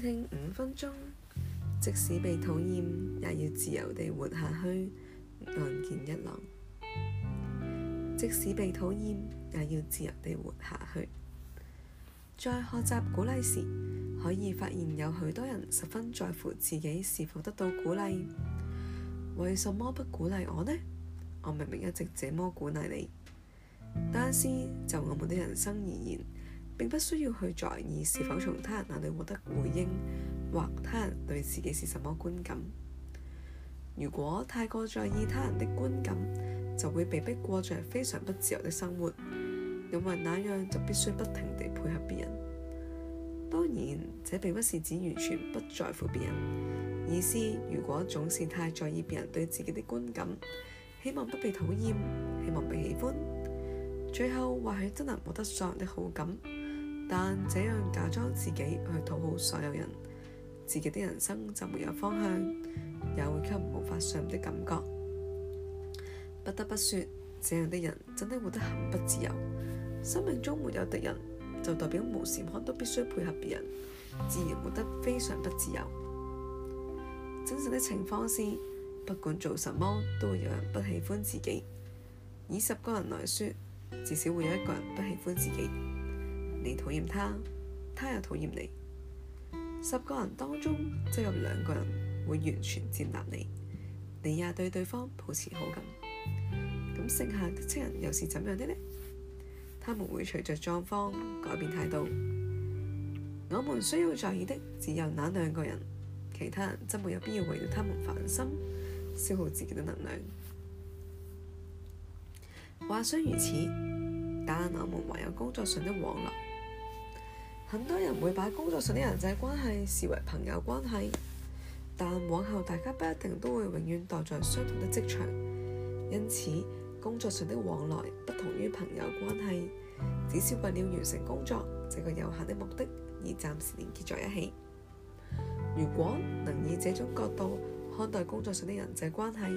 聽五分鐘，即使被討厭，也要自由地活下去。岸見一郎，即使被討厭，也要自由地活下去。在學習鼓勵時，可以發現有許多人十分在乎自己是否得到鼓勵。為什麼不鼓勵我呢？我明明一直這麼鼓勵你。但是就我們的人生而言。並不需要去在意是否從他人那裏獲得回應，或他人對自己是什麼觀感。如果太過在意他人的觀感，就會被迫過着非常不自由的生活。因為那樣就必須不停地配合別人。當然，這並不是指完全不在乎別人，而是如果總是太在意別人對自己的觀感，希望不被討厭，希望被喜歡，最後或許真能獲得所有人的好感。但這樣假裝自己去討好所有人，自己的人生就沒有方向，也會給無法上的感覺。不得不說，這樣的人真的活得很不自由。生命中沒有敵人，就代表無時無刻都必須配合別人，自然活得非常不自由。真實的情況是，不管做什麼，都會有人不喜歡自己。以十個人來說，至少會有一個人不喜歡自己。你討厭他，他也討厭你。十個人當中，就有兩個人會完全接納你，你也對對方保持好感。咁剩下的七人又是怎樣的呢？他們會隨着狀況改變態度。我們需要在意的只有那兩個人，其他人真沒有必要為咗他們煩心，消耗自己的能量。話雖如此，但我們還有工作上的往來。很多人會把工作上的人際關係視為朋友關係，但往後大家不一定都會永遠待在相同的職場，因此工作上的往來不同於朋友關係，只是為了完成工作這個有限的目的而暫時連結在一起。如果能以這種角度看待工作上的人際關係，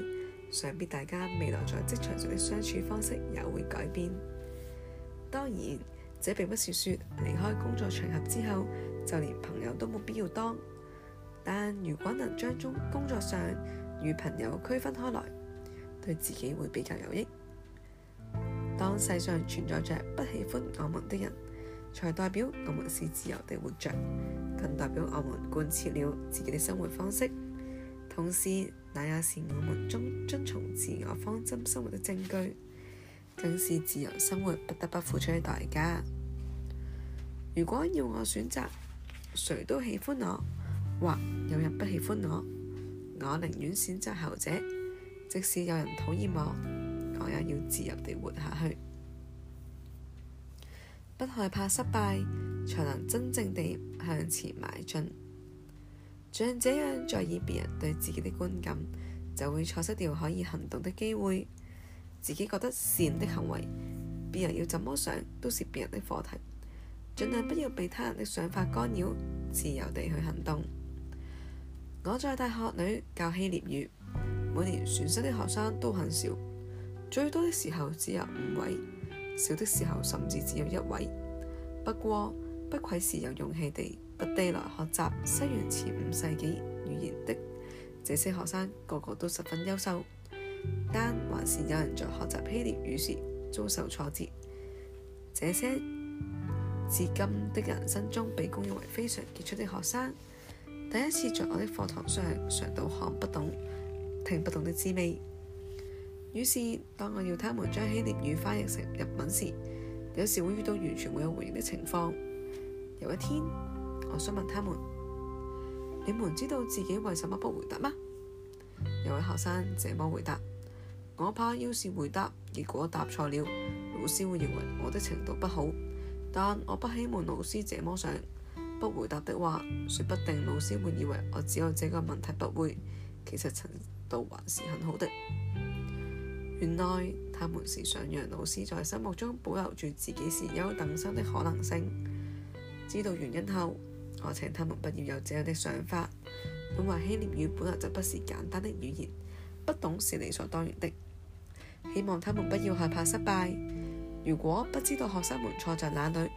想必大家未來在職場上的相處方式也會改變。當然。這並不是說離開工作場合之後就連朋友都冇必要當，但如果能將中工作上與朋友區分開來，對自己會比較有益。當世上存在着不喜歡我們的人，才代表我們是自由地活着，更代表我們貫徹了自己的生活方式，同時那也是我們中遵從自我方針生活的證據。正是自由生活不得不付出的代價。如果要我選擇，誰都喜歡我，或有人不喜歡我，我寧願選擇後者。即使有人討厭我，我也要自由地活下去，不害怕失敗，才能真正地向前邁進。像這樣在意別人對自己的觀感，就會錯失掉可以行動的機會。自己覺得善的行為，別人要怎麼想都是別人的課題。盡量不要被他人的想法干擾，自由地去行動。我在大學裡教希臘語，每年選修的學生都很少，最多的時候只有五位，少的時候甚至只有一位。不過，不愧是有勇氣地特地來學習西元前五世紀語言的這些學生，個個都十分優秀。但還是有人在學習希臘語時遭受挫折。這些至今的人生中被公認為非常傑出的學生，第一次在我的課堂上嘗到看不懂、聽不懂的滋味。於是，當我要他們將希臘語翻譯成日文時，有時會遇到完全沒有回應的情況。有一天，我想問他們：你們知道自己為什麼不回答嗎？有位學生這麼回答。我怕要是回答，結果答錯了，老師會認為我的程度不好。但我不希望老師這麼想。不回答的話，說不定老師會以為我只有這個問題不會，其實程度還是很好的。原來他們是想讓老師在心目中保留住自己是優等生的可能性。知道原因後，我請他們不要有這樣的想法。因為希臘語本來就不是簡單的語言，不懂是理所當然的。希望他們不要害怕失敗。如果不知道學生們錯在哪裏，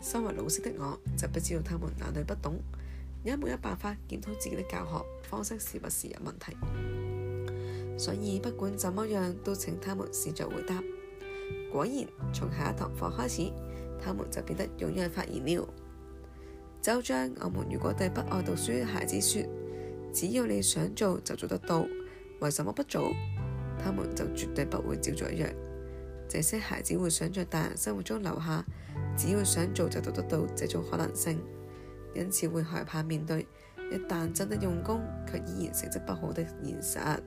身為老師的我就不知道他們哪裏不懂，也沒有辦法檢討自己的教學方式是不是有問題。所以不管怎麼樣，都請他們試着回答。果然，從下一堂課開始，他們就變得踴躍發言了。就像我們如果對不愛讀書的孩子說，只要你想做就做得到，為什麼不做？他們就絕對不會照做一樣，這些孩子會想在大人生活中留下，只要想做就做得到這種可能性，因此會害怕面對一旦真的用功却依然成績不好的現實。